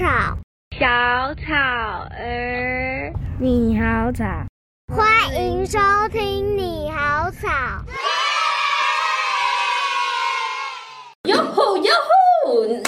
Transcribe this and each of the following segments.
草，小草兒，你好草，歡迎收聽你好草。喲吼喲，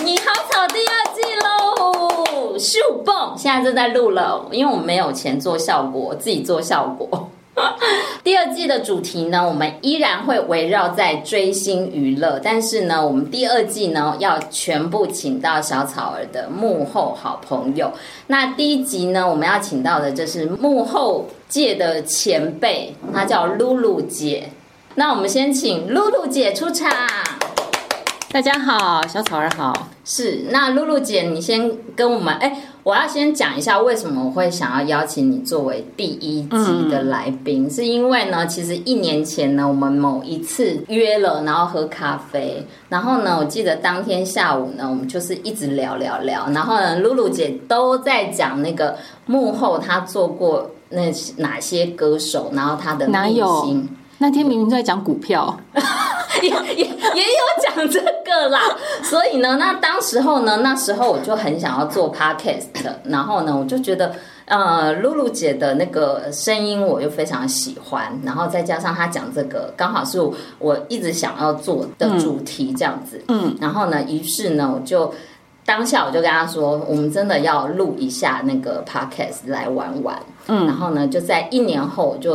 你好草第二季咯，秀蹦，現在正在錄了，因為我沒有錢做效果，自己做效果。 第二季的主題呢，我們依然會圍繞在追星娛樂，但是呢，我們第二季呢要全部請到小草兒的幕後好朋友。那第一集呢，我們要請到的就是幕後界的前輩，她叫 Lulu 姐。那我們先請 Lulu 姐出場。大家好，小草兒好，是。那 Lulu 姐，你先跟我們哎。誒我要先講一下為什麼我會想要邀請你作為第一集的來賓。嗯，是因為呢，其實一年前呢，我們某一次約了，然後喝咖啡，然後呢，我記得當天下午呢，我們就是一直聊聊聊，然後呢，露露姐都在講那個幕後她做過那哪些歌手，然後她的內心，那天明明在講股票。 也也也有講這個啦，所以呢，那當時候呢，那時候我就很想要做 Podcast，然後呢，我就覺得呃，露露姐的那個聲音我又非常喜歡，然後再加上她講這個剛好是我一直想要做的主題這樣子，嗯，嗯，然後呢，於是呢，我就當下我就跟她說，我們真的要錄一下那個 Podcast 來玩玩，嗯，然後呢，就在一年後我就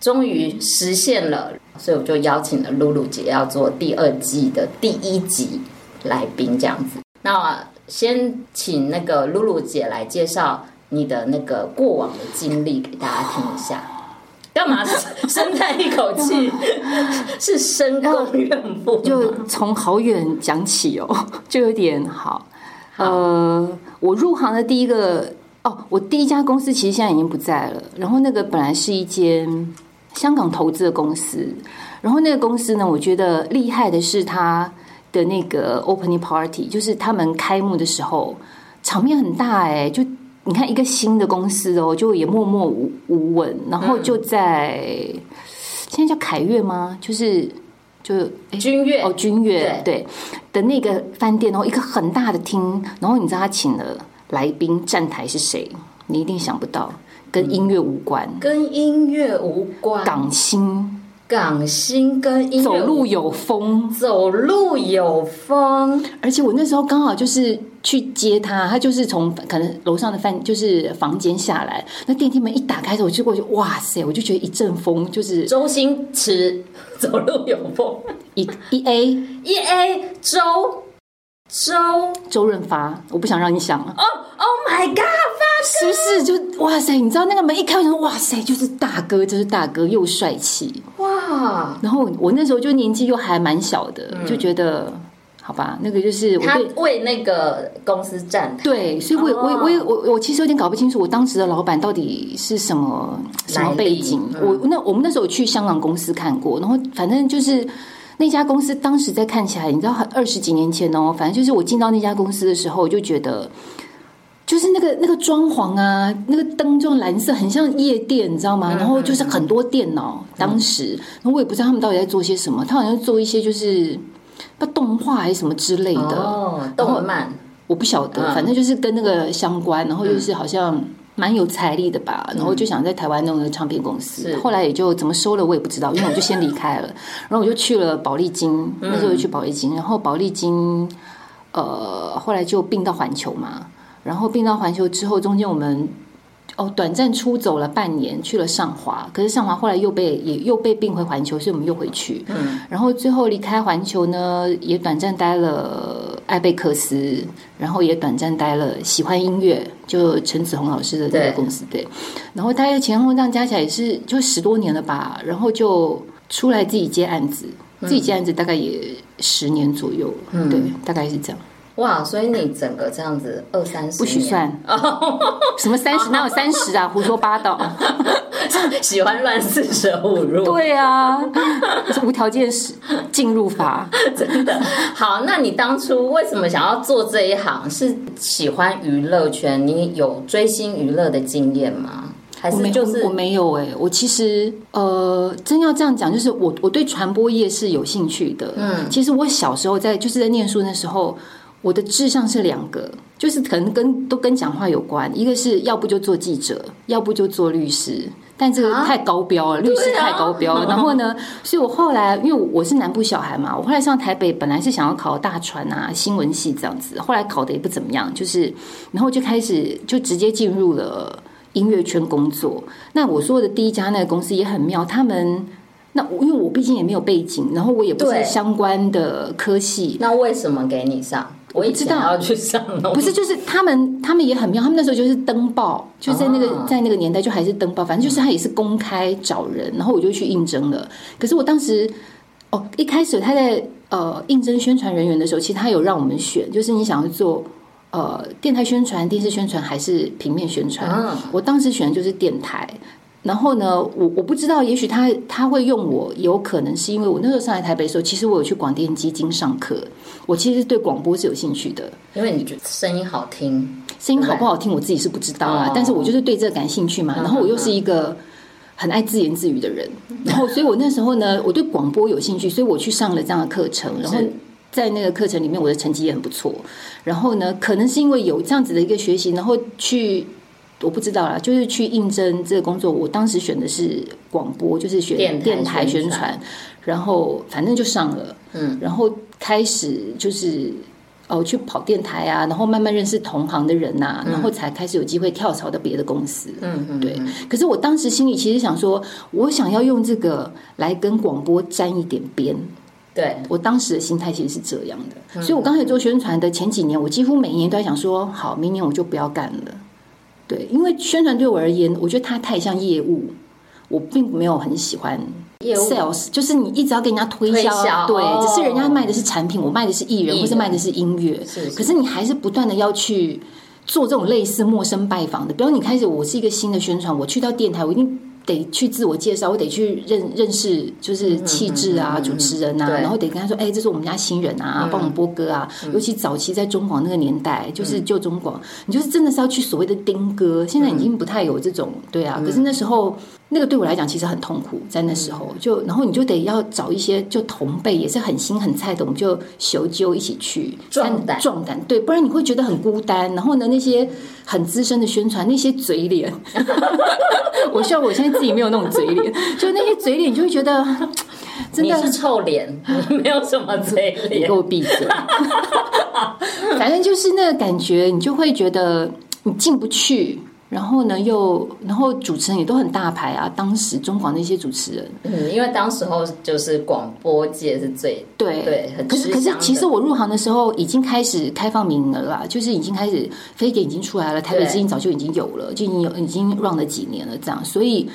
終於實現了。所以我就邀請了 Lulu 姐要做第二季的第一集來賓，這樣子。那我先請那個 Lulu 姐來介紹你的那個過往的經歷給大家聽一下。幹嘛？深嘆一口氣， 是深宮怨婦嗎？就從好遠講起哦，就有點好。呃，我入行的第一個哦，我第一家公司其實現在已經不在了。然後那個本來是一間。香港投資的公司，然後那個公司呢，我覺得厲害的是他的那個 opening party，就是他們開幕的時候場面很大哎、欸，就你看一個新的公司哦、喔，就也默默無無聞，然後就在、嗯、現在叫凱悅嗎？就是就、欸、君悅哦，君悅對,對的那個飯店，然後一個很大的廳，然後你知道他請了來賓站台是誰？你一定想不到。跟音樂無關，跟音樂無關。港星，港星跟音樂走路有風，走路有風。而且我那時候剛好就是去接他，他就是從可能樓上的飯就是房間下來，那電梯門一打開的時候我就過去，哇塞，我就覺得一陣風，就是周星馳走路有風， 一一 A 一 A 周。周周潤發，我不想讓你想了。哦 oh,，Oh my God，發哥！是不是就哇塞？你知道那個門一開我就哇塞，就是大哥，就是大哥，又帥氣哇、嗯！然後我那時候就年紀又還蠻小的，嗯、就覺得好吧，那個就是他為那個公司站台。對，所以我也我也我我我其實有點搞不清楚，我當時的老闆到底是什麼什麼背景。嗯、我那我們那時候去香港公司看過，然後反正就是。那家公司當時在看起來，你知道，二十幾年前哦，反正就是我進到那家公司的時候，我就覺得就是那個那個裝潢啊，那個燈裝藍色，很像夜店，你知道嗎？然後就是很多電腦。當時、嗯、然後我也不知道他們到底在做些什麼，他好像做一些就是不動畫還是什麼之類的哦，動漫，我不曉得，反正就是跟那個相關，然後就是好像。蠻有財力的吧，然後就想在台灣弄個唱片公司，嗯，後來也就怎麼收了我也不知道，因為我就先離開了，然後我就去了寶麗金，嗯，那時候去寶麗金，然後寶麗金，呃，後來就併到環球嘛，然後併到環球之後，中間我們哦短暫出走了半年，去了上華，可是上華後來又被也又被併回環球，所以我們又回去，嗯、然後最後離開環球呢，也短暫待了。艾貝克斯，然後也短暫待了，喜歡音樂，就陳子鴻老師的這個公司對，對，然後他的前後這加起來也是就十多年了吧，然後就出來自己接案子，嗯、自己接案子大概也十年左右，嗯，對，大概是這樣。哇，所以你整個這樣子二三十，不許算， 什麼三十？哪有三十啊？胡說八道。 喜歡亂四舍五入， 對啊， 無條件是進入法， 真的好。那你當初為什麼想要做這一行？是喜歡娛樂圈？你有追星娛樂的經驗嗎？還是就是我沒，我沒有、欸、我其實呃，真要這樣講，就是我我對傳播業是有興趣的。嗯，其實我小時候在就是在念書那時候。我的志向是兩個，就是可能跟都跟講話有關。一個是要不就做記者，要不就做律師，但這個太高標了，啊、律師太高標了、啊。然後呢，所以我後來因為我是南部小孩嘛，我後來上台北，本來是想要考大傳啊、新聞系這樣子，後來考的也不怎麼樣，就是然後就開始就直接進入了音樂圈工作。那我做的第一家那個公司也很妙，他們那因為我畢竟也沒有背景，然後我也不是相關的科系，那為什麼給你上？我也知道，也不是就是他們，他們也很妙。他們那時候就是登報， 就在那個在那個年代就還是登報。反正就是他也是公開找人，然後我就去應徵了。可是我當時，哦，一開始他在呃應徵宣傳人員的時候，其實他有讓我們選，就是你想要做呃電台宣傳、電視宣傳還是平面宣傳。 我當時選的就是電台。然後呢，我我不知道，也許他他會用我，有可能是因為我那時候上來台北的時候，其實我有去廣電基金上課，我其實對廣播是有興趣的，因為你覺得聲音好聽，聲音好不好聽我自己是不知道啊，哦、但是我就是對這個感興趣嘛、嗯，然後我又是一個很愛自言自語的人，嗯、然後所以我那時候呢、嗯，我對廣播有興趣，所以我去上了這樣的課程，然後在那個課程裡面我的成績也很不錯，然後呢，可能是因為有這樣子的一個學習，然後去。我不知道啦，就是去應徵這個工作，我當時選的是廣播，就是選電台宣傳、嗯，然後反正就上了，嗯，然後開始就是哦去跑電台啊，然後慢慢認識同行的人吶、啊嗯，然後才開始有機會跳槽到別的公司，嗯對嗯對、嗯。可是我當時心裡其實想說，我想要用這個來跟廣播沾一點邊，對、嗯、我當時的心態其實是這樣的，嗯、所以我剛開始做宣傳的前幾年，我幾乎每一年都在想說，好，明年我就不要幹了。對，因為宣傳對我而言，我覺得它太像業務，我並沒有很喜歡。業務，Sales 就是你一直要給人家推銷，推銷，對，只是人家賣的是產品，我賣的是藝人，藝人或是賣的是音樂。是，是，可是你還是不斷的要去做這種類似陌生拜訪的。比如你開始，我是一個新的宣傳，我去到電台，我一定。得去自我介紹，我得去認認識，就是氣質啊，嗯嗯嗯嗯、主持人啊，然後得跟他說，哎、欸，這是我們家新人啊，嗯、幫我們播歌啊、嗯。尤其早期在中廣那個年代，就是舊中廣、嗯，你就是真的是要去所謂的盯歌，現在已經不太有這種，嗯、對啊。可是那時候。嗯嗯那個對我來講其實很痛苦，在那時候、嗯、就，然後你就得要找一些就同輩也是很新很菜的，我們就相揪一起去壯膽，壯膽對，不然你會覺得很孤單。然後呢，那些很資深的宣傳那些嘴臉， 我希望我現在自己沒有那種嘴臉， 就那些嘴臉，你就會覺得真的是臭臉，沒有什麼嘴臉，你給我閉嘴。 反正就是那個感覺，你就會覺得你進不去。然後呢，又然後主持人也都很大牌啊！當時中廣那些主持人，嗯，因為當時候就是廣播界是最對對，可是可是其實我入行的時候已經開始開放名額了，就是已經開始飛碟已經出來了，台北之音早就已經有了，就已經有已經 run 了幾年了，這樣。所以，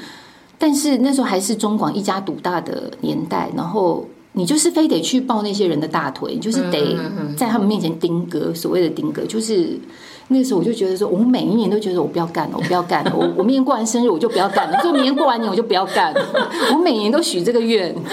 但是那時候還是中廣一家獨大的年代，然後你就是非得去抱那些人的大腿，就是得在他們面前丁哥、嗯嗯嗯嗯，所謂的丁哥就是。那時候我就覺得說，我每一年都覺得我不要幹了，我不要幹了。我我每年過完生日我就不要幹了，就 每年過完年我就不要幹了。我每年都許這個願，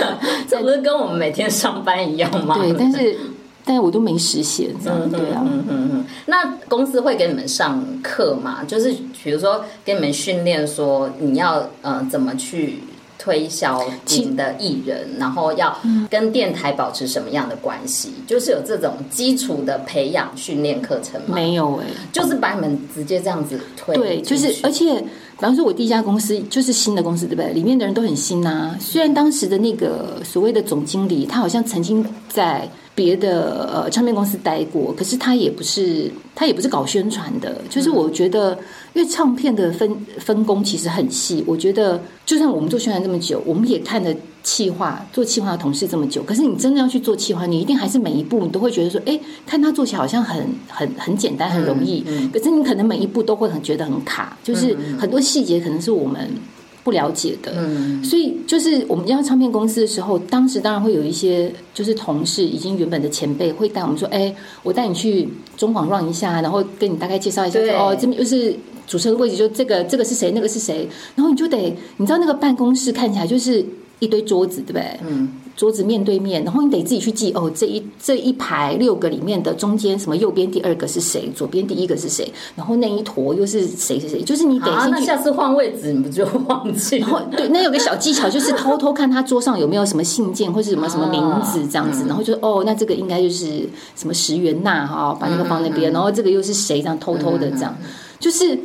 這,個 這不是跟我們每天上班一樣嗎？ 對，但是，但是我都沒實現這樣 嗯。嗯，對啊，嗯嗯嗯。那公司會給你們上課嗎？就是比如說給你們訓練，說你要呃怎麼去。推銷型的藝人，然後要跟電台保持什麼樣的關係、嗯？就是有這種基礎的培養訓練課程嗎？沒有哎、欸，就是把你們直接這樣子推、嗯。對，就是而且，比方說我第一家公司就是新的公司，對不對？裡面的人都很新吶、啊。雖然當時的那個所謂的總經理，他好像曾經在。別的呃唱片公司待過，可是他也不是他也不是搞宣傳的、嗯，就是我覺得，因為唱片的分分工其實很細。我覺得，就算我們做宣傳這麼久，我們也看了企劃做企劃的同事這麼久，可是你真的要去做企劃，你一定還是每一步你都會覺得說，哎、欸，看他做起來好像很很很簡單，很容易、嗯嗯，可是你可能每一步都會很覺得很卡，就是很多細節可能是我們。嗯嗯不了解的，嗯，所以就是我們要唱片公司的時候，當時當然會有一些就是同事，已經原本的前輩會帶我們說，哎、欸，我帶你去中廣 run 一下，然後跟你大概介紹一下，哦這邊就是主持人位置，就這個這個是誰，那個是誰，然後你就得你知道那個辦公室看起來就是一堆桌子，對不對？嗯。桌子面對面，然後你得自己去記哦。這一這一排六個裡面的中間，什麼右邊第二個是誰，左邊第一個是誰，然後那一坨又是誰誰誰。就是你得先去。啊、那下次換位置，你不就忘記，然後對，那有個小技巧 就是偷偷看他桌上有沒有什麼信件或是什麼什麼名字，哦、這樣子，然後就哦，那這個應該就是什麼石原娜，哈、哦，把那個放在那邊，嗯嗯，然後這個又是誰，這樣偷偷的這樣，嗯嗯，就是。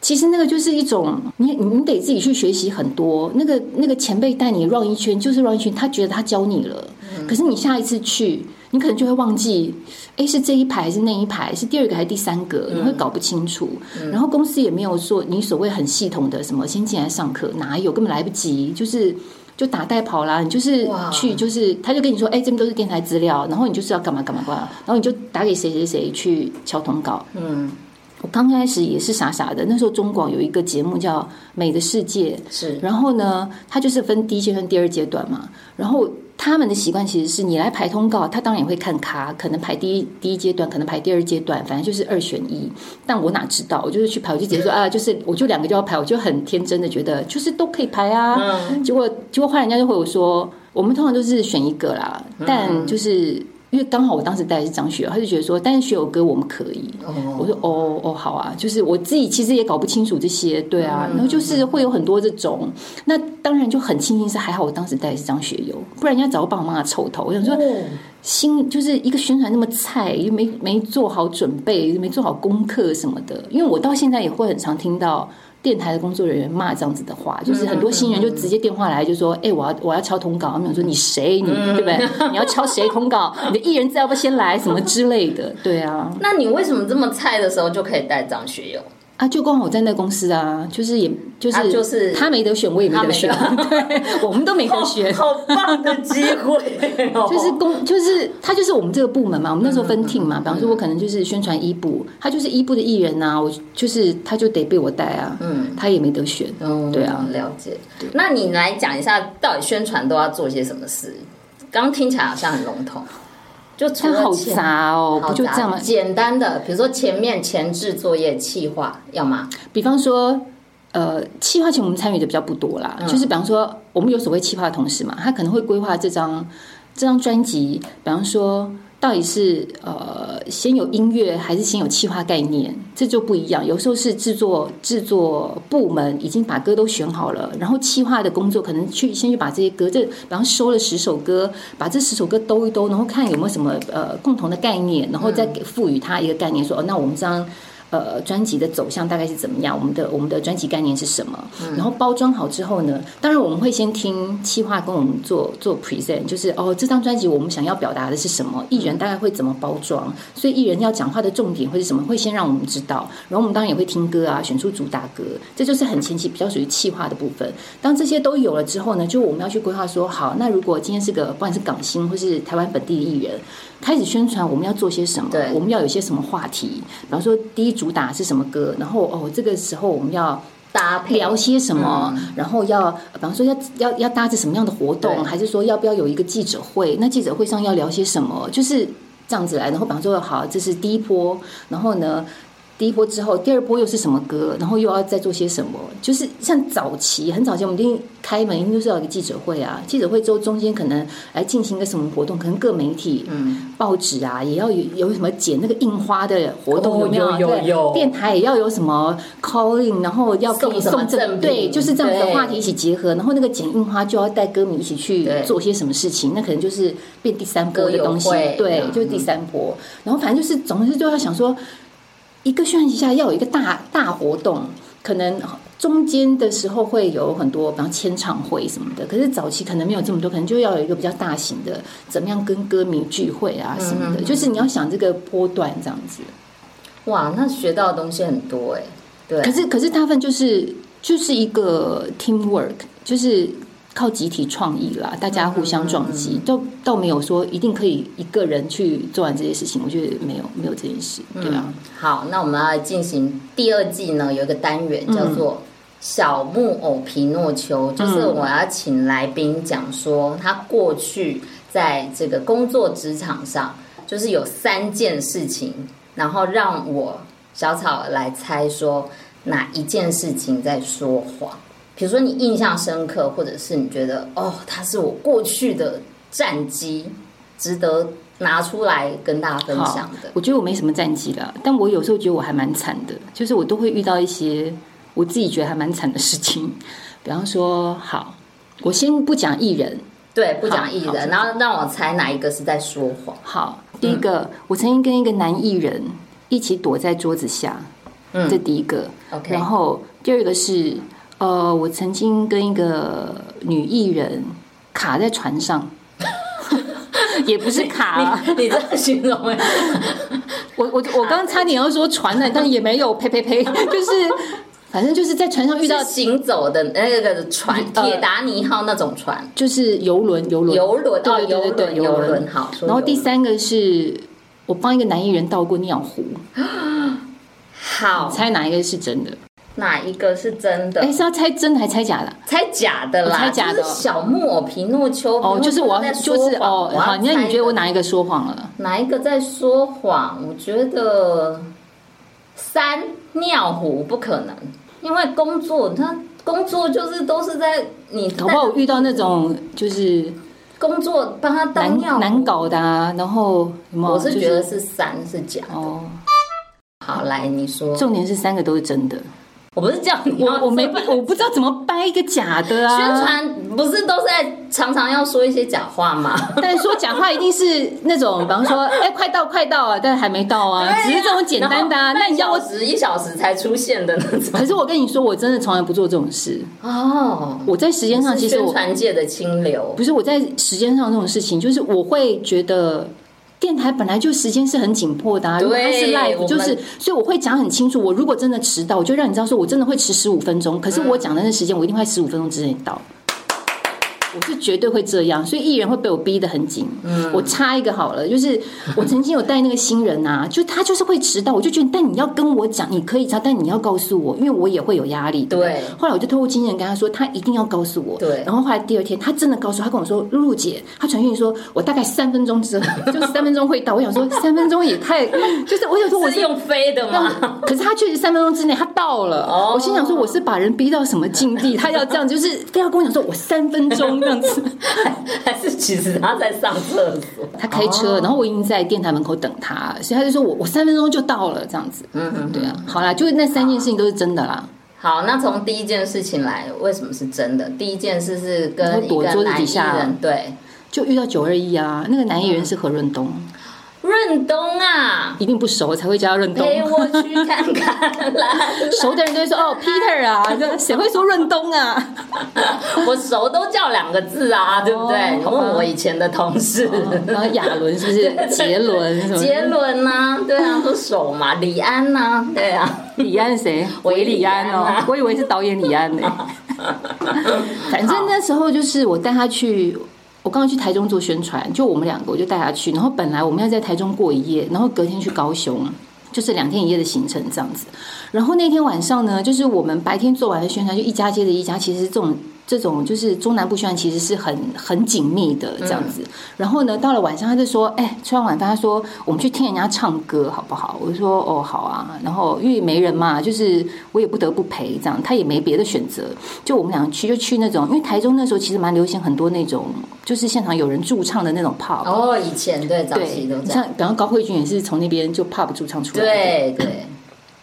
其實那個就是一種，你你得自己去學習很多。那個那個前輩帶你繞一圈，就是繞一圈，他覺得他教你了。嗯。可是你下一次去，你可能就會忘記，哎，是這一排還是那一排？是第二個還是第三個？你會搞不清楚。嗯。然後公司也沒有說你所謂很系統的什麼，先進來上課哪有？根本來不及，就是就打帶跑啦。你就是去，就是他就跟你說，哎，這邊都是電台資料，然後你就是要幹嘛幹嘛幹嘛，然後你就打給誰誰誰誰去敲通稿。嗯。我剛開始也是傻傻的，那時候中廣有一個節目叫《美的世界》，是。然後呢，嗯、它就是分第一階段、第二階段嘛。然後他們的習慣其實是你來排通告，他當然也會看卡，可能排第一第一階段，可能排第二階段，反正就是二選一。但我哪知道？我就是去排，我就直接說 啊，就是我就兩個就要排，我就很天真的覺得就是都可以排啊。嗯、結果結果換來人家就回我說，我們通常都是選一個啦，但就是。嗯因為剛好我當時帶的是張學友，他就覺得說，但是學友哥我們可以，oh. 我說哦哦好啊，就是我自己其實也搞不清楚這些，對啊，oh. 然後就是會有很多這種，那當然就很慶幸是還好我當時帶的是張學友，不然人家早就把我罵臭頭，我想說，oh. 新就是一個宣傳那麼菜，又沒沒做好準備，又沒做好功課什麼的，因為我到現在也會很常聽到。電台的工作人員罵這樣子的話，就是很多新人就直接電話來，就說：“哎、嗯欸，我要我要敲通告，他、嗯、們說：“你誰你、嗯？對不對？你要敲誰通告， 你的藝人資要不先來什麼之類的。”對啊，那你為什麼這麼菜的時候就可以帶張學友？他、啊、就剛好我在那公司啊，就是也，就是、啊就是、他沒得選，我也沒得選，得 對， 我們都沒得選，oh, 好棒的機會， 就是公，就是他就是我們這個部門嘛，我們那時候分 team 嘛，嗯、比方說我可能就是宣傳一部，他就是一部的藝人吶、啊，我就是他就得被我帶啊，嗯，他也沒得選，對啊，嗯嗯嗯、了解，那你來講一下，到底宣傳都要做些什麼事？剛聽起來好像很籠統。 就好雜哦，好雜，不就這樣簡單的，比如說前面前置作業，企劃要嗎？比方說，呃，企劃前我們參與的比較不多啦，嗯、就是比方說，我們有所謂企劃同事嘛，他可能會規劃這張這張專輯，比方說。到底是呃先有音樂還是先有企劃概念，這就不一樣。有時候是制作製作部門已經把歌都選好了，然後企劃的工作可能去先去把這些歌，這然後收了十首歌，把這十首歌兜一兜，然後看有沒有什麼呃共同的概念，然後再給賦予它一個概念，嗯、說哦，那我們這樣。呃，專輯的走向大概是怎麼樣？我們的我們的專輯概念是什麼？嗯、然後包裝好之後呢？當然我們會先聽企劃跟我們做做 present，就是哦這張專輯我們想要表達的是什麼？藝人大概會怎麼包裝？所以藝人要講話的重點會是什麼？會先讓我們知道。然後我們當然也會聽歌啊，選出主打歌。這就是很前期比較屬於企劃的部分。當這些都有了之後呢，就我們要去規劃說好，那如果今天是個不管是港星或是台灣本地的藝人。開始宣傳我們要做些什麼，對，我們要有些什麼話題，比方說第一主打是什麼歌，然後哦這個時候我們要搭配、嗯、聊些什麼，然後要比方說要要要搭着什麼樣的活動，還是說要不要有一個記者會？那記者會上要聊些什麼？就是這樣子來。然後比方說好，這是第一波，然後呢？第一波之後，第二波又是什麼歌？然後又要再做些什麼？就是像早期，很早期，我們一定開門，一定是要有一個記者會啊。記者會之後，中間可能來進行一個什麼活動，可能各媒體、嗯、報紙啊，也要有，有什麼剪那個印花的活動，哦、有沒有，有，有，有。電台也要有什麼 calling，然後要送送證。對，就是這樣子的話題一起結合。然後那個剪印花就要帶歌迷一起去做些什麼事情？那可能就是變第三波的東西，對，就是第三波、嗯。然後反正就是總是就要想說。一個宣傳期下要有一個大大活動，可能中間的時候會有很多，比方簽唱會什麼的。可是早期可能沒有這麼多，可能就要有一個比較大型的，怎麼樣跟歌迷聚會啊什麼的。嗯嗯嗯，就是你要想這個波段這樣子。哇，那學到的東西很多哎、欸，對。可是可是大部分就是就是一個 teamwork，就是。靠集體創意啦，大家互相撞擊，倒、嗯、倒、嗯嗯、沒有說一定可以一個人去做完這些事情，我覺得沒有沒有這件事，嗯、對啊。好，那我們要進行第二季呢，有一個單元叫做《小木偶皮諾丘》嗯，就是我要請來賓講說、嗯、他過去在這個工作職場上，就是有三件事情，然後讓我小草來猜說哪一件事情在說謊。比如說你印象深刻，或者是你覺得哦，他是我過去的戰績值得拿出來跟大家分享的。我覺得我沒什麼戰績了，但我有時候覺得我還蠻慘的，就是我都會遇到一些我自己覺得還蠻慘的事情。比方說，好，我先不講藝人，對，不講藝人，然後讓我猜哪一個是在說謊。好，第一個，嗯，我曾經跟一個男藝人一起躲在桌子下，嗯，這第一個。OK，然後第二個是。呃，我曾經跟一個女藝人卡在船上，也不是卡， 你這樣形容。我我我剛差點要說船了，啊， 但也沒有，呸，呸呸呸，就是，反正就是在船上遇到行走的那個船，鐵、呃、達尼號那種船，就是遊輪，遊輪，遊輪，對對對，遊輪，遊輪，好。然後第三個是，我幫一個男藝人倒過尿壺。好，猜哪一個是真的？哪一個是真的？哎、欸，是要猜真還猜假的？猜假的啦，oh, 猜假的。就是、小木偶皮諾丘哦、oh,，就是我，就是哦，好，那你，你覺得我哪一個說謊了？哪一個在說謊？我覺得三尿壺不可能，因為工作，他工作就是都是在你是在，頭髮，我遇到那種就是工作幫他當尿難難搞的、啊，然後有有我是覺得是三、就是、是假的。Oh. 好，來你說，重點是三個都是真的。我不是這樣，我我沒辦我不知道怎麼掰一個假的啊！宣傳不是都是在常常要說一些假話嘛， 但是說假話一定是那種，比方說，哎、欸，快到快到啊，但還沒到啊、哎，只是這種簡單的啊。那你要我遲一小時才出現的那種？可是我跟你說，我真的從來不做這種事哦，我在時間上其實我，宣傳界的清流不是我在時間上這種事情，就是我會覺得。電台本來就時間是很緊迫的、啊對，如果它是 live 就是，所以我會講很清楚。我如果真的遲到，我就讓你知道說我真的會遲十五分鐘。可是我講的那時間，我一定會十五分鐘之內到。我是絕對會這樣，所以藝人會被我逼得很緊、嗯。我插一個好了，就是我曾經有帶那個新人啊， 就他就是會遲到，我就覺得，但你要跟我講，你可以插，但你要告訴我，因為我也會有壓力對。對。後來我就透過經驗跟他說，他一定要告訴我。對。然後後來第二天，他真的告訴我，他跟我說，露露姐，他傳訊說，我大概三分鐘之後，就是三分鐘會到。我想說，三分鐘也太…… 就是我想說我是,是用飛的嘛。可是他確實三分鐘之內他到了。哦、oh.。我心想說，我是把人逼到什麼境地？他要這樣，就是非要跟我講說，我三分鐘。 這樣子，還是其實他在上廁所。他開車，然後我已經在電台門口等他，所以他就說我我三分鐘就到了，這樣子。嗯嗯，對啊，好啦，就那三件事情都是真的啦。好，好那從第一件事情來，為什麼是真的？第一件事是跟一個男藝人，對，他躲在桌子底下，就遇到九二一啊，那個男藝人是何潤東。嗯潤東啊，一定不熟才會叫他潤東。陪我去看看， 熟的人就會說哦，Peter 啊，誰會說潤東啊？我熟都叫兩個字啊，對不對？哦、同我以前的同事，然、哦、後亞倫是不是 杰倫，杰倫吶，對啊，都熟嘛。李安吶、啊，對啊，李安誰？喂、李安哦，我以為是導演李安呢。反正那時候就是我帶他去。我剛剛去台中做宣傳，就我們兩個，我就帶他去。然後本來我們要在台中過一夜，然後隔天去高雄，就是兩天一夜的行程這樣子。然後那天晚上呢，就是我們白天做完的宣傳，就一家接着一家。其實是這種。這種就是中南部宣傳其實是很很緊密的這樣子、嗯。然後呢，到了晚上，他就說：“哎、欸，吃完晚飯，他說我們去聽人家唱歌，好不好？”我就說：“哦，好啊。”然後因為沒人嘛，就是我也不得不陪，這樣他也沒別的選擇。就我們倆去，就去那種，因為台中那時候其實蠻流行很多那種，就是現場有人駐唱的那種 pop。哦，以前對早期都在像，比如高慧君也是從那邊就 pop 駐唱出來。對對。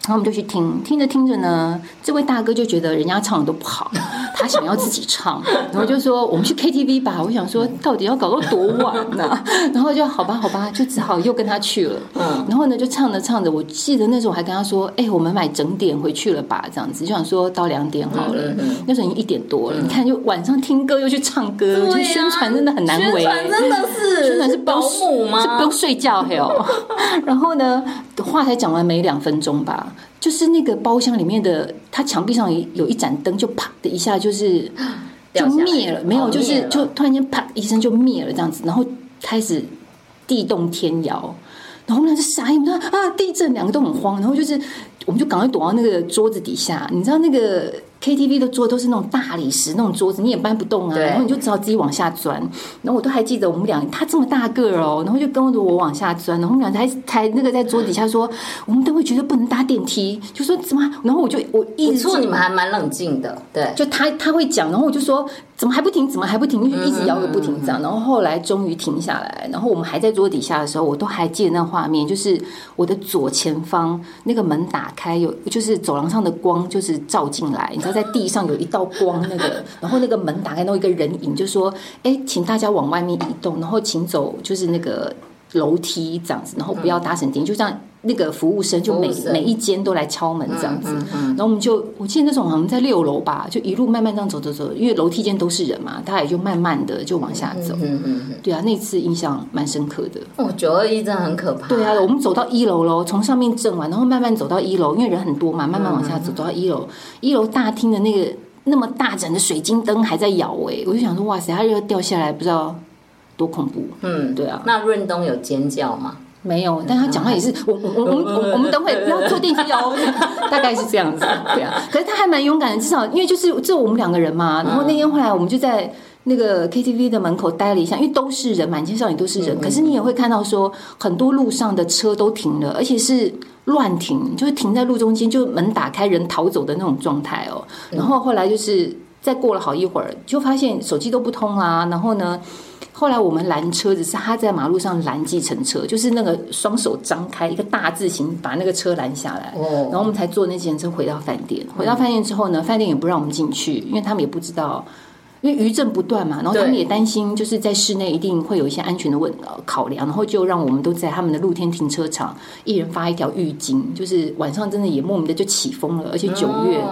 然後我們就去聽，聽着聽着呢，嗯、這位大哥就覺得人家唱的都不好。 他想要自己唱，然後就說我們去 KTV 吧。 我想說，到底要搞到多晚呢、啊？然後就好吧，好吧，就只好又跟他去了。嗯、然後呢，就唱着唱着，我記得那時候還跟他說：“哎、欸，我們買整點回去了吧？”這樣子，就想說到兩點好了嗯嗯。那時候已經一點多了，嗯、你看，就晚上聽歌又去唱歌，就、啊、宣傳真的很難為，宣傳真的是宣傳是，是保姆嗎？是不用睡覺還有。 然後呢，話才講完沒兩分鐘吧。就是那個包廂裡面的，他牆壁上有一盞燈，就啪的一下，就是就滅了，沒有、哦，就是就突然間啪一聲就滅了，這樣子，然後開始地動天搖，然後我們倆就傻眼了啊，地震，兩個都很慌，然後就是。我們就趕快躲到那個桌子底下，你知道那個 KTV 的桌都是那種大理石那種桌子，你也搬不動啊，然後你就只好自己往下鑽。然後我都還記得，我們倆他這麼大個哦，然後就跟着我往下鑽。然後我們倆才才那個在桌底下說， 我們都會覺得不能搭電梯，就說怎麼？然後我就我一直說你們還蠻冷靜的，對，就他他會講，然後我就說怎麼還不停，怎麼還不停，就一直搖個不停這樣，嗯嗯嗯嗯嗯，然後後來終於停下來，然後我們還在桌子底下的時候，我都還記得那畫面，就是我的左前方那個門打開有就是走廊上的光，就是照進來，你知道在地上有一道光那個， 然後那個門打開，弄一個人影就說：“哎，請大家往外面移動，然後請走就是那個。”樓梯這樣子，然後不要搭乘電梯、嗯，就這樣。那個服務生就每生每一間都來敲門這樣子、嗯嗯嗯。然後我們就，我記得那種好像在六樓吧，就一路慢慢這樣走走走，因為樓梯間都是人嘛，大家也就慢慢的就往下走。嗯嗯嗯、對啊，那次印象蠻深刻的。哦，九二一真的很可怕、嗯。對啊，我們走到一樓嘍，從上面震完，然後慢慢走到一樓，因為人很多嘛，慢慢往下走，嗯、走到一樓，一樓大廳的那個那麼大盞的水晶燈還在搖哎、欸，我就想說哇塞，它又要掉下來，不知道。多恐怖！嗯，對啊。那潤東有尖叫嗎？沒有，但他講話也是 我，我們，我們，我們等會不要坐電梯哦， 對對對對 大概是這樣子，對啊。可是他還蠻勇敢的，至少因為就是只有我們兩個人嘛。然後那天後來我們就在那個 K T V 的門口待了一下，因為都是人，滿街上也都是人。嗯嗯嗯，可是你也會看到說，很多路上的車都停了，而且是亂停，就是停在路中間，就門打開，人逃走的那種狀態哦。然後後來就是再過了好一會兒，就發現手機都不通啦、啊。然後呢？後來我們攔車子，是他在馬路上攔計程車，就是那個雙手張開一個大字形把那個車攔下來，然後我們才坐那計程車回到飯店。回到飯店之後呢，飯店也不讓我們進去，因為他們也不知道，因為餘震不斷嘛，然後他們也擔心就是在室內一定會有一些安全的問考量，然後就讓我們都在他們的露天停車場，一人發一條浴巾，就是晚上真的也莫名的就起風了，而且九月，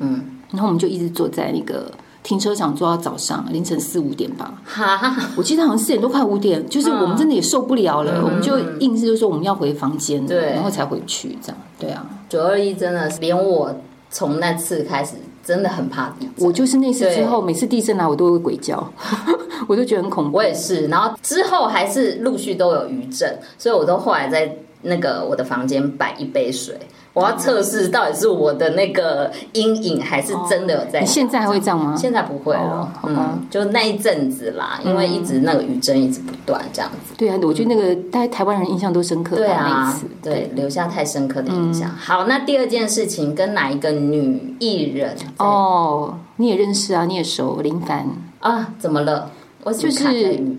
嗯，然後我們就一直坐在那個。停車場坐到早上凌晨四五點吧，哈，我記得好像四點多快五點，就是我們真的也受不了了，嗯、我們就硬是就說我們要回房間，對、然後才回去這樣。對啊，九二一真的是連我從那次開始真的很怕，我就是那次之後每次地震來我都會鬼叫， 我就覺得很恐怖。我也是，然後之後還是陸續都有餘震，所以我都後來在那個我的房間擺一杯水。我要測試到底是我的那個陰影還是真的有在？哦、現在還會這樣嗎？現在不會了，哦，嗯，就那一陣子啦，嗯，因為一直那個餘震一直不斷這樣子。對啊，我覺得那個在、嗯、台灣人印象都深刻。對啊對，對，留下太深刻的印象。嗯、好，那第二件事情跟哪一個女藝人？哦，你也認識啊，你也熟，林凡啊？怎麼了？我就是在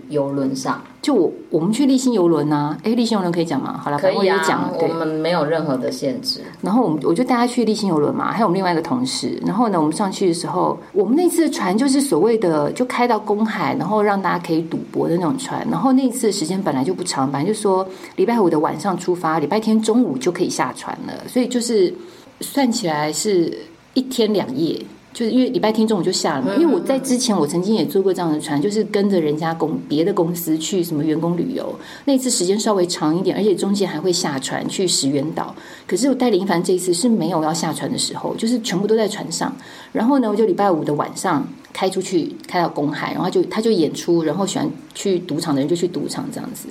遊輪上，就，是、就我我們去麗星遊輪吶、啊，哎，麗星遊輪可以講嗎？好啦，可以、啊、講我們沒有任何的限制。然後我們我就帶他去麗星遊輪嘛，還有我們另外一個同事。然後呢，我們上去的時候，我們那次的船就是所謂的就開到公海，然後讓大家可以賭博的那種船。然後那次時間本來就不長，反正就說禮拜五的晚上出發，禮拜天中午就可以下船了。所以就是算起來是一天兩夜。就是因為禮拜天中午就下了，因為我在之前我曾經也坐過這樣的船，就是跟着人家公別的公司去什麼員工旅遊，那次時間稍微長一點，而且中間還會下船去石垣島。可是我帶林凡這一次是沒有要下船的時候，就是全部都在船上。然後呢，我就禮拜五的晚上開出去，開到公海，然後他就他就演出，然後喜歡去賭場的人就去賭場這樣子。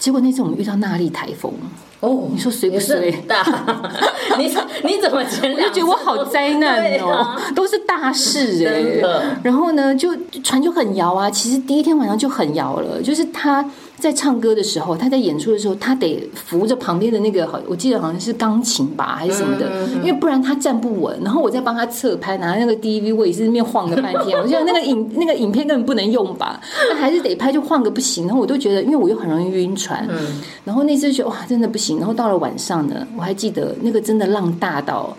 結果那次我們遇到納莉颱風哦，你說誰不隨是？大？ 你說 你怎麼前就覺得我好災難哦、喔啊，都是大事哎、欸。然後呢，就船就很搖啊。其實第一天晚上就很搖了，就是它。在唱歌的時候，他在演出的時候，他得扶着旁邊的那個，好，我記得好像是鋼琴吧，還是什麼的，因為不然他站不穩。然後我在幫他側拍，拿那個 DV，我也是在那邊晃了半天，我覺得那個影 那個影片根本不能用吧，他還是得拍，就晃個不行。然後我都覺得，因為我又很容易暈船，然後那次就覺得，哇，真的不行。然後到了晚上呢，我還記得那個真的浪大到。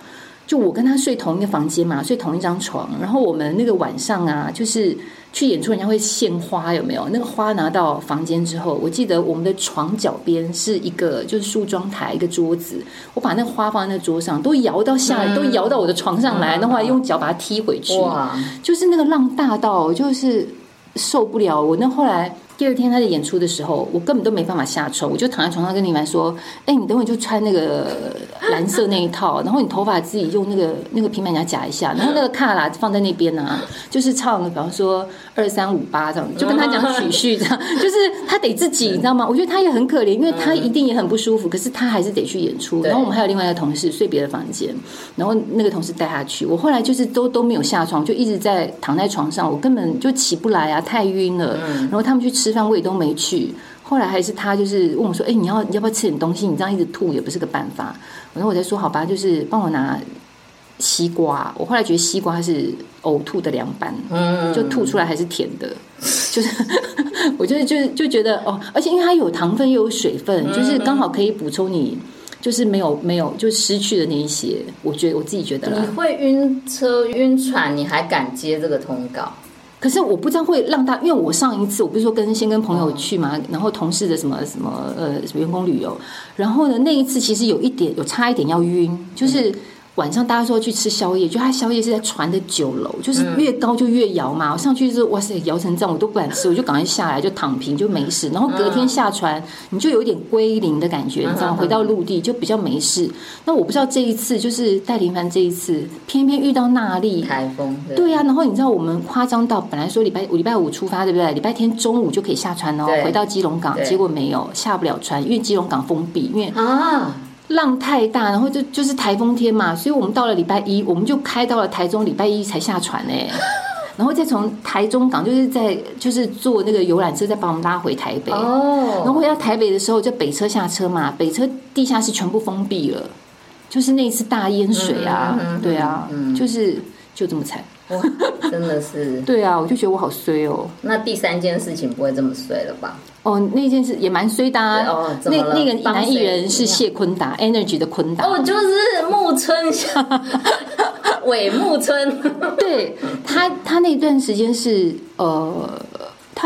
就我跟他睡同一個房間嘛，睡同一張床。然後我們那個晚上啊，就是去演出，人家會獻花，有沒有？那個花拿到房間之後，我記得我們的床腳邊是一個就是梳妝台一個桌子，我把那花放在那桌上，都搖到下來，嗯，都搖到我的床上來，嗯，然後用腳把它踢回去。哇，就是那個浪大到就是受不了，我那後來。第二天他在演出的時候，我根本都沒辦法下床，我就躺在床上跟林凡說：“哎、欸，你等會就穿那個藍色那一套，然後你頭髮自己用那個那個平板夾夾一下，然後那個卡拉放在那邊呢、啊，就是唱，的，比方說二三五八這樣，就跟他講曲序這樣， 就是他得自己， 你知道嗎？我覺得他也很可憐，因為他一定也很不舒服，可是他還是得去演出。然後我們還有另外一個同事睡別的房間，然後那個同事帶他去。我後來就是都都沒有下床，就一直在躺在床上，我根本就起不來啊，太暈了。 然後他們去吃。吃飯我也都沒去，後來還是他就是問我說：“哎、欸，你要你要不要吃點東西？你這樣一直吐也不是個辦法。”然後我才說：“好吧，就是幫我拿西瓜。”我後來覺得西瓜是嘔吐的良伴。嗯，嗯就吐出來還是甜的，就是 我就是、就是就覺得哦，而且因為它有糖分又有水分，嗯嗯，就是剛好可以補充你就是沒有沒有就失去的那一些。我覺得我自己覺得啦。你會暈車暈船，你還敢接這個通告？可是我不知道會浪大，因為我上一次我不是說跟先跟朋友去嘛，然後同事的什麼什麼呃什麼員工旅遊，然後呢那一次其實有一點有差一點要暈，就是。嗯。晚上大家說要去吃宵夜，就他宵夜是在船的九樓，就是越高就越搖嘛，嗯。我上去之後，哇塞，搖成這樣我都不敢吃，我就趕快下來就躺平，就沒事。然後隔天下船，嗯、你就有點歸零的感覺，嗯、你知道嗎？回到陸地就比較沒事，嗯。那我不知道這一次就是帶林凡這一次，偏偏遇到納莉台風，對呀，啊。然後你知道我們誇張到本來說禮拜五禮拜五出發，對不對？禮拜天中午就可以下船哦，然後回到基隆港。結果沒有下不了船，因為基隆港封閉，因為啊。浪太大，然後就就是台風天嘛，所以我們到了禮拜一，我們就開到了台中，禮拜一才下船哎、欸，然後再從台中港就是在就是坐那個遊覽車再把我們拉回台北，oh. 然後回到台北的時候就北車下車嘛，北車地下室全部封閉了，就是那次大淹水啊，mm -hmm. 對啊，就是就這麼慘。哇真的是， 對啊，我就覺得我好衰哦。那第三件事情不會這麼衰了吧？哦，那件事也蠻衰的、啊、哦。那那個藝男藝人是謝坤達，Energy 的坤達。哦，就是木村， 牧村，尾木村。對，他，他那段時間是呃。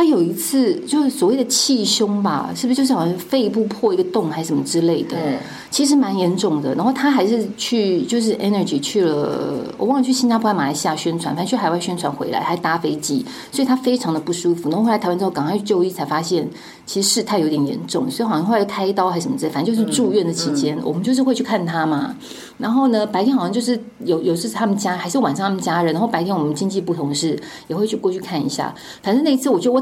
他有一次就是所謂的氣胸吧，是不是就是好像肺部破一個洞還是什麼之類的？嗯，其實蠻嚴重的。然後他還是去就是 Energy 去了，我忘了去新加坡還馬來西亞宣傳，反正去海外宣傳回來還搭飛機，所以他非常的不舒服。然後回來台灣之後，趕快去就醫才發現其實事態有點嚴重，所以好像後來開刀還是什麼之類，反正就是住院的期間，嗯，我們就是會去看他嘛。然後呢，白天好像就是有有是他們家，還是晚上他們家人，然後白天我們經濟部同事也會去過去看一下。反正那一次我覺得我。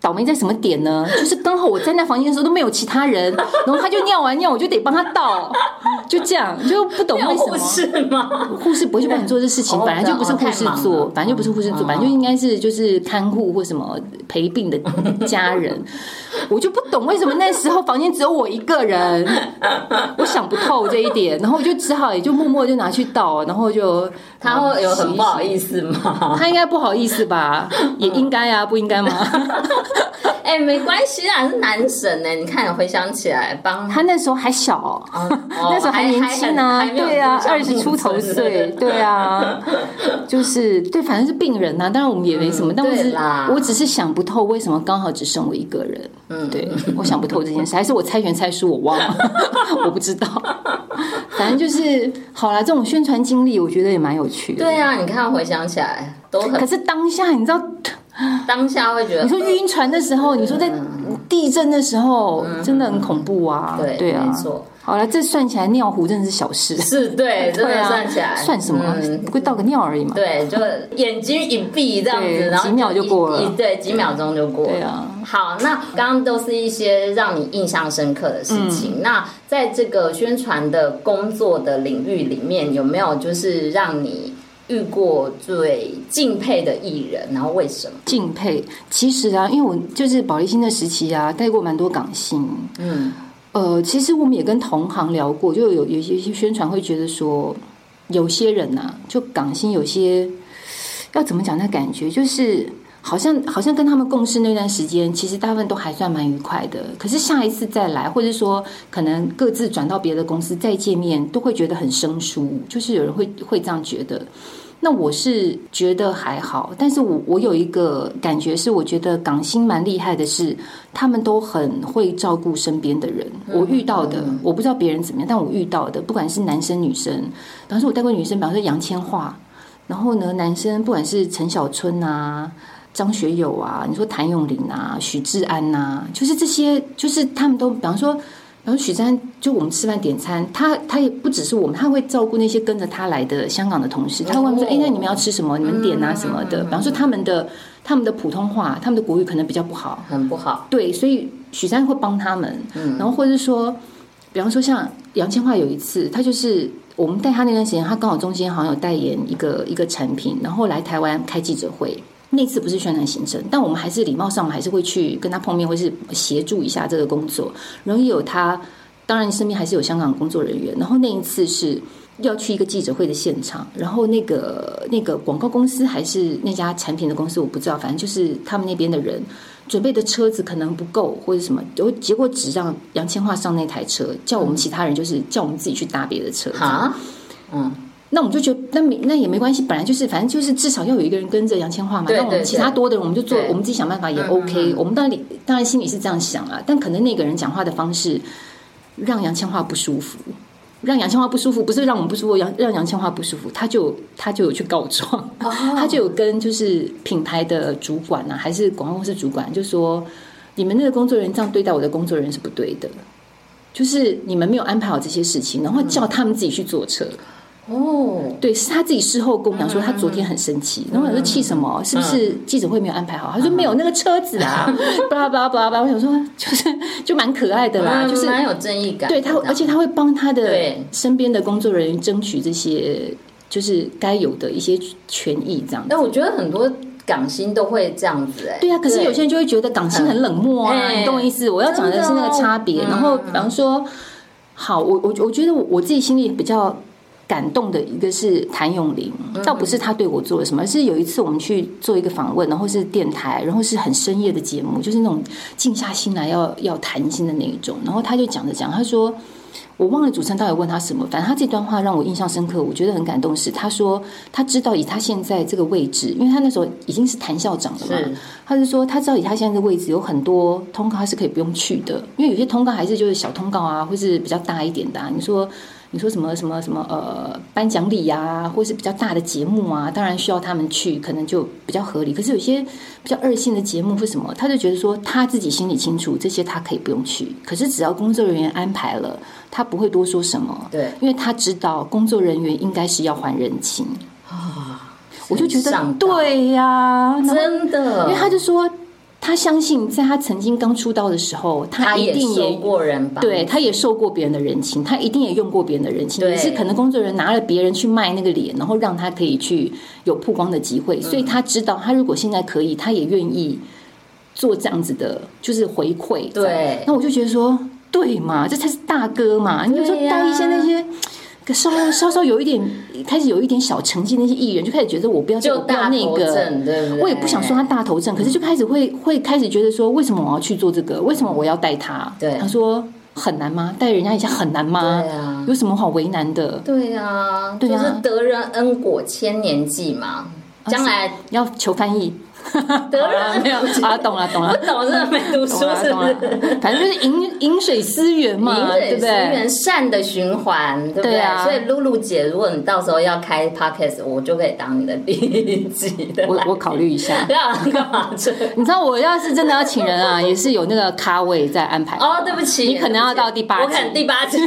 倒霉在什麼點呢？就是剛好我在那房間的時候都沒有其他人，然後他就尿完尿，我就得幫他倒，就這樣，就不懂為什麼護士嗎？護士不去幫你做這事情，哦，本來就不是護士做，反正就不是護士做，反、嗯、正就應該是就是看護或什麼陪病的家人，嗯。我就不懂為什麼那時候房間只有我一個人， 我想不透這一點，然後我就只好也就默默就拿去倒，然後就然後他會洗洗有很不好意思嗎？他應該不好意思吧？嗯、也應該啊，不應該嗎？ 哎、欸，沒關係啊，是男神呢、欸。你看，回想起來，幫他那時候還小、喔哦呵呵哦，那時候還年輕啊，對啊，二十出頭歲、嗯，對啊，就是對，反正是病人吶、啊。當然我們也沒什麼，但我是我只是想不透為什麼剛好只剩我一個人。嗯，對，我想不透這件事，還是我猜拳猜輸，我忘了、啊， 我不知道。反正就是好了，這種宣傳經歷，我覺得也蠻有趣的。對啊，你看回想起來都可，可是當下，你知道？當下會覺得，你說暈船的時候、嗯，你說在地震的時候，嗯、真的很恐怖啊！對對啊，沒錯。好了，這算起來尿壺真的是小事，是，對，真的算起來、啊、算什麼、啊？嗯、不會倒個尿而已嘛。對，就眼睛一閉這樣子，然後幾秒就過了。對，幾秒鐘就過了。啊、好，那剛剛都是一些讓你印象深刻的事情。嗯、那在這個宣傳的工作的領域裡面，嗯、有沒有就是讓你？遇過最敬佩的藝人，然後為什麼？敬佩，其實啊，因為我就是寶麗新的時期啊，帶過蠻多港星。嗯，呃，其實我們也跟同行聊過，就有有些一些宣傳會覺得說，有些人吶、啊，就港星有些要怎麼講那感覺，就是。好像好像跟他們共事那段時間，其實大部分都還算蠻愉快的。可是下一次再來，或者說可能各自轉到別的公司再見面，都會覺得很生疏。就是有人會會這樣覺得。那我是覺得還好，但是我我有一個感覺是，我覺得港星蠻厲害的是，是他們都很會照顧身邊的人。嗯、我遇到的、嗯，我不知道別人怎麼樣，但我遇到的，不管是男生女生，比方說我帶過女生，比方說楊千嬅，然後呢男生，不管是陳小春啊。張學友啊，你說譚詠麟啊，許志安吶、啊，就是這些，就是他們都，比方說，然後許三就我們吃飯點餐，他他也不只是我們，他會照顧那些跟着他來的香港的同事，他會問說，哎、欸，那你們要吃什麼？你們點啊什麼的？比方說，他們的他們的普通話，他們的國語可能比較不好，很、嗯、不好，對，所以許三會幫他們，然後或者是說，比方說像楊千嬅，有一次他就是我們帶他那段時間，他剛好中間好像有代言一個一個產品，然後來台灣開記者會。那次不是宣傳行程，但我們還是禮貌上我們還是會去跟他碰面，或是協助一下這個工作。然後也有他，當然身邊還是有香港工作人員。然後那一次是要去一個記者會的現場，然後那個那個廣告公司還是那家產品的公司，我不知道，反正就是他們那邊的人準備的車子可能不夠，或者什麼，都結果只讓楊千嬅上那台車，叫我們其他人就是叫我們自己去搭別的車。啊、嗯，嗯。嗯那我們就覺得那沒那也沒關係，本來就是，反正就是至少要有一個人跟着楊千嬅嘛，對對對。那我們其他多的人，我們就做，我們自己想辦法也 OK 嗯嗯。我們當然當然心裡是這樣想啊，但可能那個人講話的方式讓楊千嬅不舒服，讓楊千嬅不舒服，不是讓我們不舒服，楊讓楊千嬅不舒服，他就他就有去告狀、哦，他就有跟就是品牌的主管吶、啊，還是廣告公司主管，就說你們那個工作人員這樣對待我的工作人員是不對的，就是你們沒有安排好這些事情，然後叫他們自己去坐車。嗯哦、oh，對，是他自己事後跟我講說他昨天很生氣，um, 然後我說氣什麼，嗯？是不是記者會沒有安排好？他，嗯、說沒有那個車子啦。blah blah blah 我想說就是就蠻可愛的啦，嗯、就是蠻有正義感對。對他，而且他會幫他的身邊的工作人員爭取這些就是該有的一些權益這樣子。但我覺得很多港星都會這樣子，欸，哎，對呀、啊。可是有些人就會覺得港星很冷漠啊，你懂我意思？我要講的是那個差別，哦嗯。然後比方說，好，我我我覺得我自己心裡比較。感動的一個是譚詠麟，倒不是他對我做了什麼，嗯、而是有一次我們去做一個訪問，然後是電台，然後是很深夜的節目，就是那種靜下心來要要談心的那一種。然後他就講着講，他說我忘了主持人到底問他什麼，反正他這段話讓我印象深刻，我覺得很感動是。是他說他知道以他現在這個位置，因為他那時候已經是譚校長了嘛，他就說他知道以他現在這個位置有很多通告他是可以不用去的，因為有些通告還是就是小通告啊，或是比較大一點的啊，你說。你說什麼什麼什麼呃頒獎禮呀、啊，或是比較大的節目啊，當然需要他們去，可能就比較合理。可是有些比較二線的節目或什麼，他就覺得說他自己心裡清楚，這些他可以不用去。可是只要工作人員安排了，他不會多說什麼，對，因為他知道工作人員應該是要還人情啊、哦。我就覺得對呀、啊，真的，因為他就說。他相信，在他曾經剛出道的時候，他一定也，他也受過人吧？對，他也受過別人的人情，他一定也用過別人的人情。對，是可能工作人員拿了別人去賣那個臉，然後讓他可以去有曝光的機會，嗯。所以他知道，他如果現在可以，他也願意做這樣子的，就是回饋。對。那我就覺得說，對嘛，這才是大哥嘛！啊。你就說帶一些那些。稍稍稍有一點開始有一點小成績，那些藝人就開始覺得我不要、這個、大頭我不要那個對對對，我也不想說他大頭症，可是就開始會、嗯、會開始覺得說，為什麼我要去做這個？為什麼我要帶他？他說很難嗎？帶人家一下很難嗎、啊？有什麼好為難的？對啊，對啊，就是、得人恩果千年記嘛，將、啊、來要求翻譯。得有啊，懂了懂了，我懂了，沒讀書，懂了。懂了反正就是飲飲水思源嘛，飲水思源善的循環，對不對？對啊，所以露露姐，如果你到時候要開 podcast，我就可以當你的第一季我我考慮一下，要幹嘛 你知道，我要是真的要請人啊，也是有那個咖位在安排。哦，對不起，你可能要到第八，我看第八季。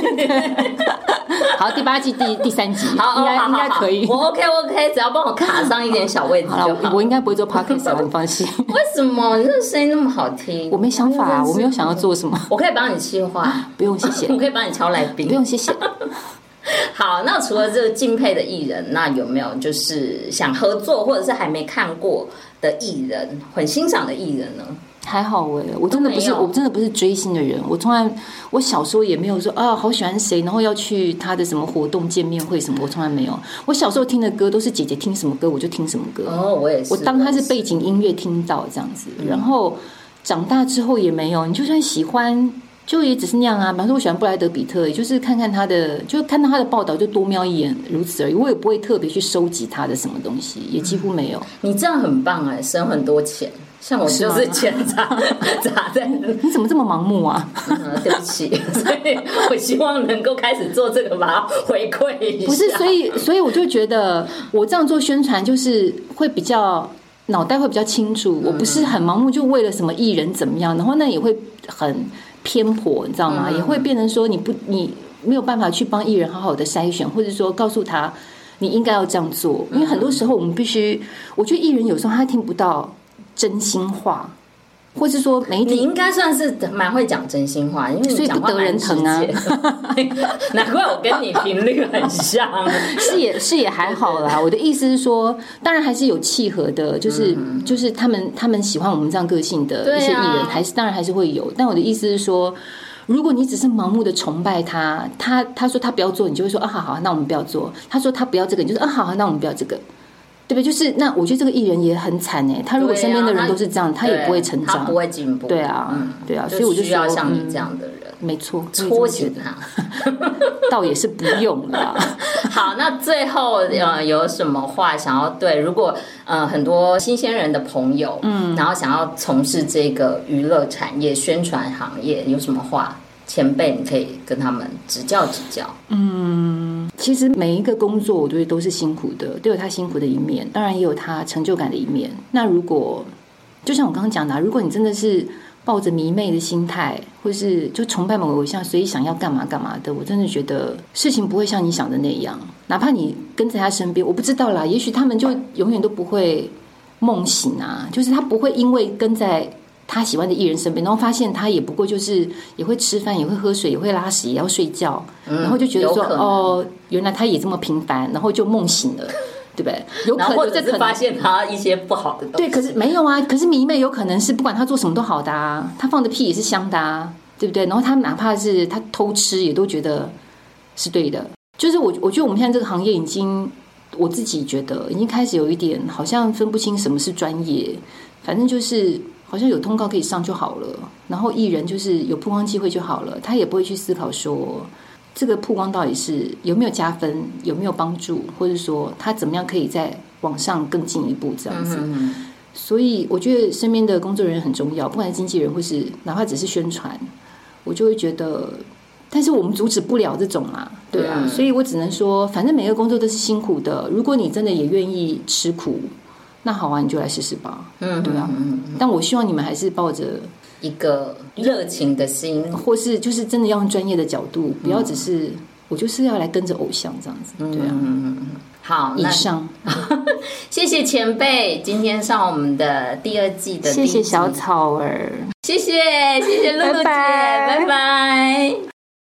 好，第八季第第三集，好，應該應該可以好好。我 OK OK，只要幫我卡上一點小位就好，好我應該不會做 podcast 不放心。為什麼？你這聲音那麼好聽。我沒想法、啊啊，我沒有想要做什麼。我可以幫你企劃 不用謝謝。 我可以幫你敲來賓，不用謝謝。 好，那除了這個敬佩的藝人，那有沒有就是想合作或者是還沒看過的藝人，很欣賞的藝人呢？還好哎、欸，我真的不是，我真的不是追星的人。我從來，我小時候也沒有說啊，好喜歡誰，然後要去他的什麼活動、見面會什麼，我從來沒有。我小時候聽的歌都是姐姐聽什麼歌，我就聽什麼歌。哦，我也是。我當他是背景音樂聽到這樣子，然後長大之後也沒有。你就算喜歡，就也只是那樣啊。比方說，我喜歡布萊德彼特，也就是看看他的，就看到他的報道就多瞄一眼，如此而已。我也不會特別去收集他的什麼東西，也幾乎沒有。嗯、你這樣很棒哎、欸，省很多錢。像我是就是欠砸砸在， 你怎麼這麼盲目啊？嗯、對不起， 所以我希望能夠開始做這個吧，把它回饋。不是，所以所以我就覺得我這樣做宣傳，就是會比較腦袋會比較清楚，嗯、我不是很盲目，就為了什麼藝人怎麼樣，然後那也會很偏頗，你知道嗎、嗯？也會變成說你不你沒有辦法去幫藝人好好的篩選，或者說告訴他你應該要這樣做、嗯，因為很多時候我們必須，我覺得藝人有時候他聽不到。真心話，或是說，沒你應該算是蠻會講真心話，因為所以不得人疼啊，難 怪我跟你頻率很像， 是也是也還好啦。我的意思是說，當然還是有契合的，就是、嗯、就是他們他們喜歡我們這樣個性的一些藝人，還是當然還是會有。但我的意思是說，如果你只是盲目的崇拜他，他他說他不要做，你就會說啊，好，好，好那我們不要做。他說他不要這個，你就說啊，好，好，那我們不要這個。對不對？就是，那我覺得這個藝人也很慘哎，他如果身邊的人都是這樣，啊、他也不會成長，他不會進步。對啊，嗯，對啊，所以我就需要、嗯、像你這樣的人，沒錯，戳起來他倒也是不用了。 好，那最後呃，有什麼話想要對？如果呃，很多新鮮人的朋友，嗯，然後想要從事這個娛樂產業、宣傳行業，有什麼話？前輩，你可以跟他們指教指教。嗯，其實每一個工作，我覺得都是辛苦的，都有他辛苦的一面，當然也有他成就感的一面。那如果，就像我剛剛講的啊，如果你真的是抱着迷妹的心態，或是就崇拜某個偶像，所以想要幹嘛幹嘛的，我真的覺得事情不會像你想的那樣。哪怕你跟在他身邊，我不知道啦，也許他們就永遠都不會夢醒啊，就是他不會因為跟在。他喜歡的藝人身邊，然後發現他也不過就是也會吃飯，也會喝水，也會拉屎，也要睡覺，嗯、然後就覺得說哦，原來他也這麼平凡，然後就夢醒了，對不對？ 有可能真的發現他一些不好的東西、嗯。對，可是沒有啊。可是迷妹有可能是不管他做什麼都好的、啊，他放的屁也是香的、啊，對不對？然後他哪怕是他偷吃，也都覺得是對的。就是我，我覺得我們現在這個行業已經，我自己覺得已經開始有一點好像分不清什麼是專業，反正就是。好像有通告可以上就好了，然後藝人就是有曝光機會就好了，他也不會去思考說這個曝光到底是有沒有加分、有沒有幫助，或者說他怎麼樣可以再往上更進一步這樣子、嗯。所以我覺得身邊的工作人員很重要，不管是經紀人或是哪怕只是宣傳，我就會覺得，但是我們阻止不了這種啦、啊啊，對啊，所以我只能說，反正每個工作都是辛苦的，如果你真的也願意吃苦。那好啊，你就來試試吧。嗯哼哼，對啊。但我希望你們還是抱着一個熱情的心，或是就是真的要用專業的角度，不、嗯、要只是我就是要來跟着偶像這樣子。對、嗯、啊。嗯嗯嗯。好，以上， 謝謝前輩。今天上我們的第二季的第一，謝謝小草兒，謝謝謝謝露露姐，拜拜。